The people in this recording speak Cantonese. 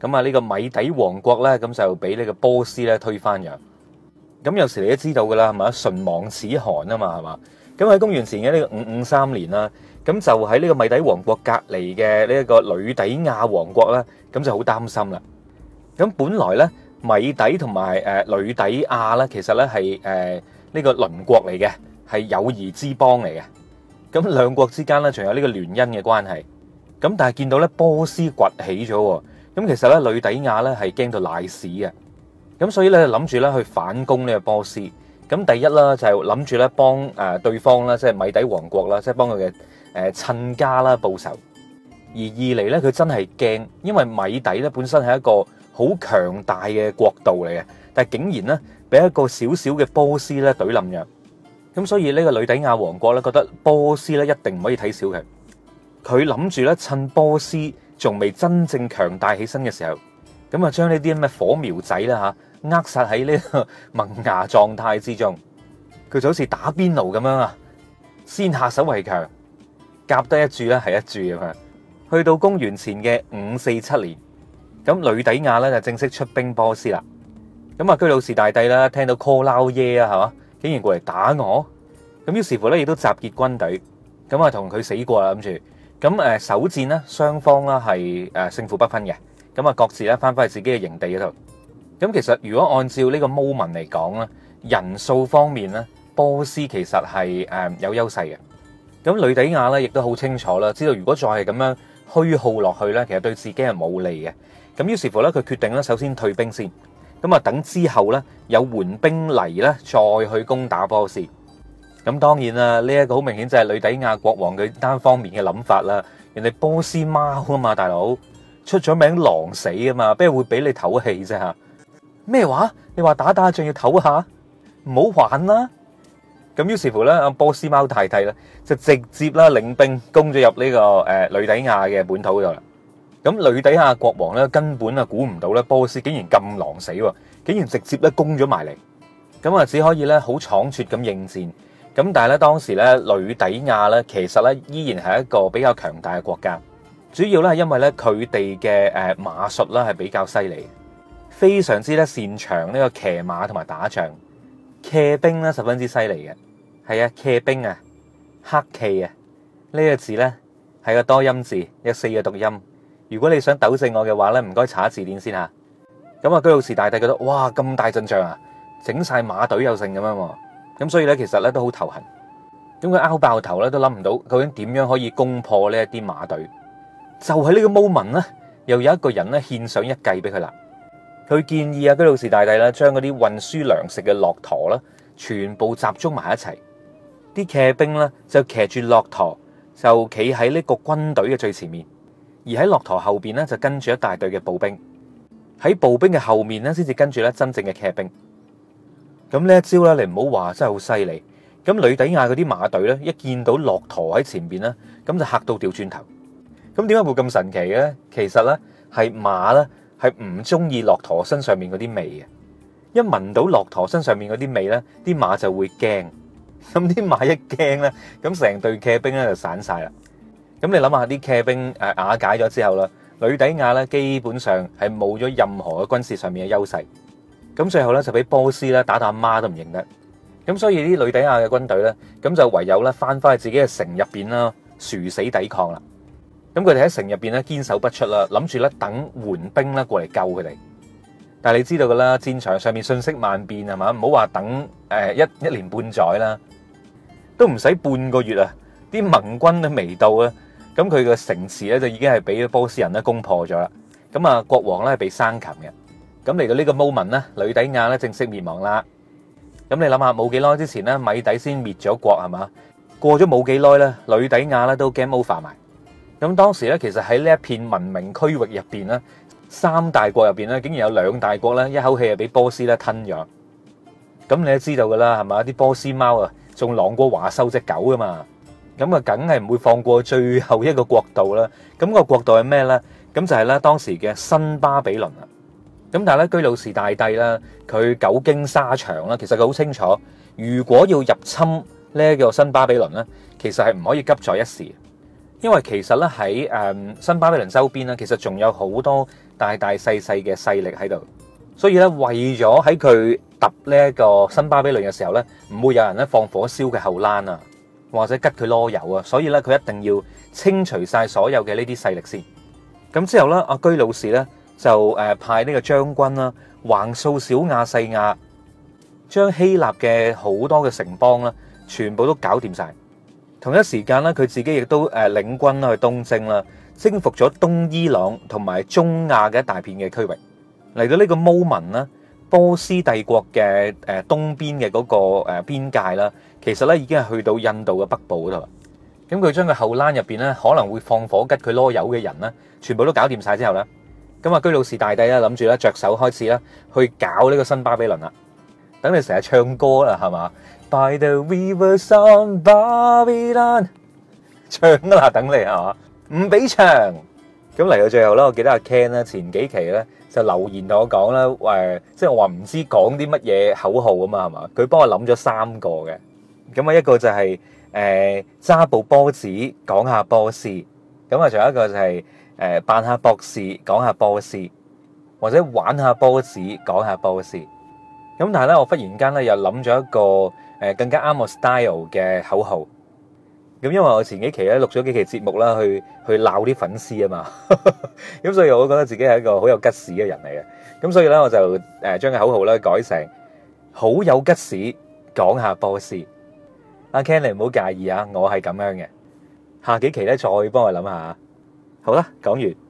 咁啊！呢個米底王國咧，咁就俾呢個波斯咧推翻咗。咁有時你都知道噶啦，係咪？唇亡齒寒啊嘛，係嘛？咁喺公元前嘅呢個五五三年啦，咁就喺呢個米底王國隔離嘅呢一個呂底亞王國啦，咁就好擔心啦。咁本來咧，米底同埋誒呂底亞咧，其實咧係誒呢個鄰國嚟嘅，係友誼之邦嚟嘅。咁兩國之間咧，仲有呢個聯姻嘅關係。咁但係見到咧波斯崛起咗。咁其實咧，呂底亞咧係驚到賴屎嘅，咁所以咧諗住咧去反攻呢個波斯。咁第一啦，就係諗住咧幫誒對方啦，即係米底王國啦，即係幫佢嘅誒親家啦報仇。而二嚟咧，佢真係驚，因為米底咧本身係一個好強大嘅國度嚟嘅，但係竟然咧俾一個小小嘅波斯咧懟冧咗。咁所以呢個呂底亞王國咧覺得波斯咧一定唔可以睇小佢。佢諗住咧趁波斯，仲未真正強大起身嘅時候，咁啊將呢啲咁嘅火苗仔啦吓，扼殺喺呢個萌芽狀態之中，佢就好似打邊爐咁樣啊，先下手為強，夾得一注呢，係一注咁樣。去到公元前嘅五四七年，咁呂底亞咧就正式出兵波斯啦。咁啊居魯士大帝啦聽到科勞耶啊係嘛，竟然過嚟打我，咁於是乎咧亦都集結軍隊，咁啊同佢死過啦諗住。咁誒首戰咧，雙方咧係誒勝負不分嘅，咁啊各自咧翻返去自己嘅營地嗰度。咁其實如果按照呢個 moment 嚟講咧，人數方面咧，波斯其實係誒有優勢嘅。咁呂底亞咧亦都好清楚啦，知道如果再係咁樣虛耗落去咧，其實對自己係冇利嘅。咁於是乎咧，佢決定咧首先退兵先，咁啊等之後咧有援兵嚟咧再去攻打波斯。咁當然啦，呢一個好明顯就係呂底亞國王嘅單方面嘅諗法啦。人哋波斯貓啊嘛，大佬出咗名狼死啊嘛，邊會俾你唞氣啫嚇？咩話？你話打打仗要唞下，唔好玩啦。咁於是乎咧，阿波斯貓大帝咧就直接咧領兵攻咗入呢個誒呂底亞嘅本土度啦。咁呂底亞國王咧根本啊估唔到咧波斯竟然咁狼死，竟然直接咧攻咗埋嚟。咁啊只可以咧好倉促咁應戰。咁但係咧，當時咧，呂底亞咧，其實咧依然係一個比較強大嘅國家，主要咧係因為咧佢哋嘅誒馬術咧係比較犀利，非常之呢擅長呢個騎馬同埋打仗，騎兵咧十分之犀利嘅，係啊，騎兵啊，黑騎啊，呢、這個字咧係個多音字，有四個讀音。如果你想糾正我嘅話咧，唔該查下字典先吓、啊。咁啊，居魯士大帝覺得哇咁大陣仗啊，整晒馬隊又剩咁樣。咁所以咧，其實咧都好頭痕，咁佢拗爆頭咧都諗唔到究竟點樣可以攻破呢一啲馬隊，就喺呢個 moment 咧，又有一個人咧獻上一計俾佢啦。佢建議啊，居魯士大帝咧將嗰啲運輸糧食嘅駱駝啦，全部集中埋一齊，啲騎兵咧就騎住駱駝，就企喺呢個軍隊嘅最前面，而喺駱駝後面咧就跟住一大隊嘅步兵，喺步兵嘅後面咧先至跟住咧真正嘅騎兵。咁呢一招咧，你唔好話真係好犀利。咁呂底亞嗰啲馬隊咧，一見到駱駝喺前邊咧，咁就吓到掉轉頭。咁點解會咁神奇嘅？其實咧係馬咧係唔中意駱駝身上面嗰啲味嘅。一聞到駱駝身上面嗰啲味咧，啲馬就會驚。咁啲馬一驚咧，咁成隊騎兵咧就散晒啦。咁你諗下啲騎兵誒瓦解咗之後啦，呂底亞咧基本上係冇咗任何嘅軍事上面嘅優勢。咁最後咧就俾波斯咧打到阿媽都唔認得，咁所以啲呂底亞嘅軍隊咧，咁就唯有咧翻返去自己嘅城入邊啦，殊死抵抗啦。咁佢哋喺城入邊咧堅守不出啦，諗住咧等援兵咧過嚟救佢哋。但係你知道㗎啦，戰場上面瞬息萬變係嘛，唔好話等誒一一年半載啦，都唔使半個月啊，啲盟軍都未到啊，咁佢嘅城池咧就已經係俾波斯人咧攻破咗啦。咁啊，國王咧係被生擒嘅。咁嚟到呢個 moment 咧，呂底亞咧正式滅亡啦。咁你諗下，冇幾耐之前咧，米底先滅咗國係嘛？過咗冇幾耐咧，呂底亞咧都 game over 埋。咁當時咧，其實喺呢一片文明區域入邊咧，三大國入邊咧，竟然有兩大國咧一口氣係俾波斯咧吞咗。咁你都知道噶啦，係咪？啲波斯貓啊，仲狼過華收隻狗噶嘛？咁啊，梗係唔會放過最後一個國度啦。咁個國度係咩咧？咁就係咧當時嘅新巴比倫啊。咁但係咧，居魯士大帝啦，佢久經沙場啦，其實佢好清楚，如果要入侵呢一個新巴比倫咧，其實係唔可以急在一時，因為其實咧喺誒新巴比倫周邊咧，其實仲有好多大大細細嘅勢力喺度，所以咧為咗喺佢揼呢一個新巴比倫嘅時候咧，唔會有人咧放火燒佢後欄啊，或者吉佢籮柚啊，所以咧佢一定要清除曬所有嘅呢啲勢力先。咁之後咧，阿居魯士咧。就誒派呢個將軍啦，橫掃小亞細亞，將希臘嘅好多嘅城邦啦，全部都搞掂曬。同一時間咧，佢自己亦都誒領軍啦去東征啦，征服咗東伊朗同埋中亞嘅一大片嘅區域。嚟到呢個 moment 啦，波斯帝國嘅誒東邊嘅嗰個誒邊界啦，其實咧已經係去到印度嘅北部嗰度。咁佢將個後欄入邊咧，可能會放火吉佢攞油嘅人咧，全部都搞掂曬之後咧。咁啊，居魯士大帝咧，諗住咧，着手開始咧，去搞呢個新巴比倫啦。等你成日唱歌啦，係嘛？By the rivers of Babylon，唱啊啦，等你係嘛？唔俾唱。咁嚟到最後啦，我記得阿 Ken 咧，前幾期咧就留言同我講咧，誒，即係我話唔知講啲乜嘢口號啊嘛，係嘛？佢幫我諗咗三個嘅。咁啊，一個就係誒揸部波子講下波斯。咁啊，仲有一個就係。誒，辦下博士講下博士，或者玩下博士講下博士。咁但係咧，我忽然間咧又諗咗一個更加啱我 style 嘅口號。咁因為我前幾期咧錄咗幾期節目啦，去去鬧啲粉絲啊嘛。咁 所以我覺得自己係一個好有吉士嘅人嚟嘅。咁所以咧，我就將個口號咧改成好有吉士講下博士。阿 Ken，你唔好介意啊，我係咁樣嘅。下幾期咧再幫我諗下。好啦，講完。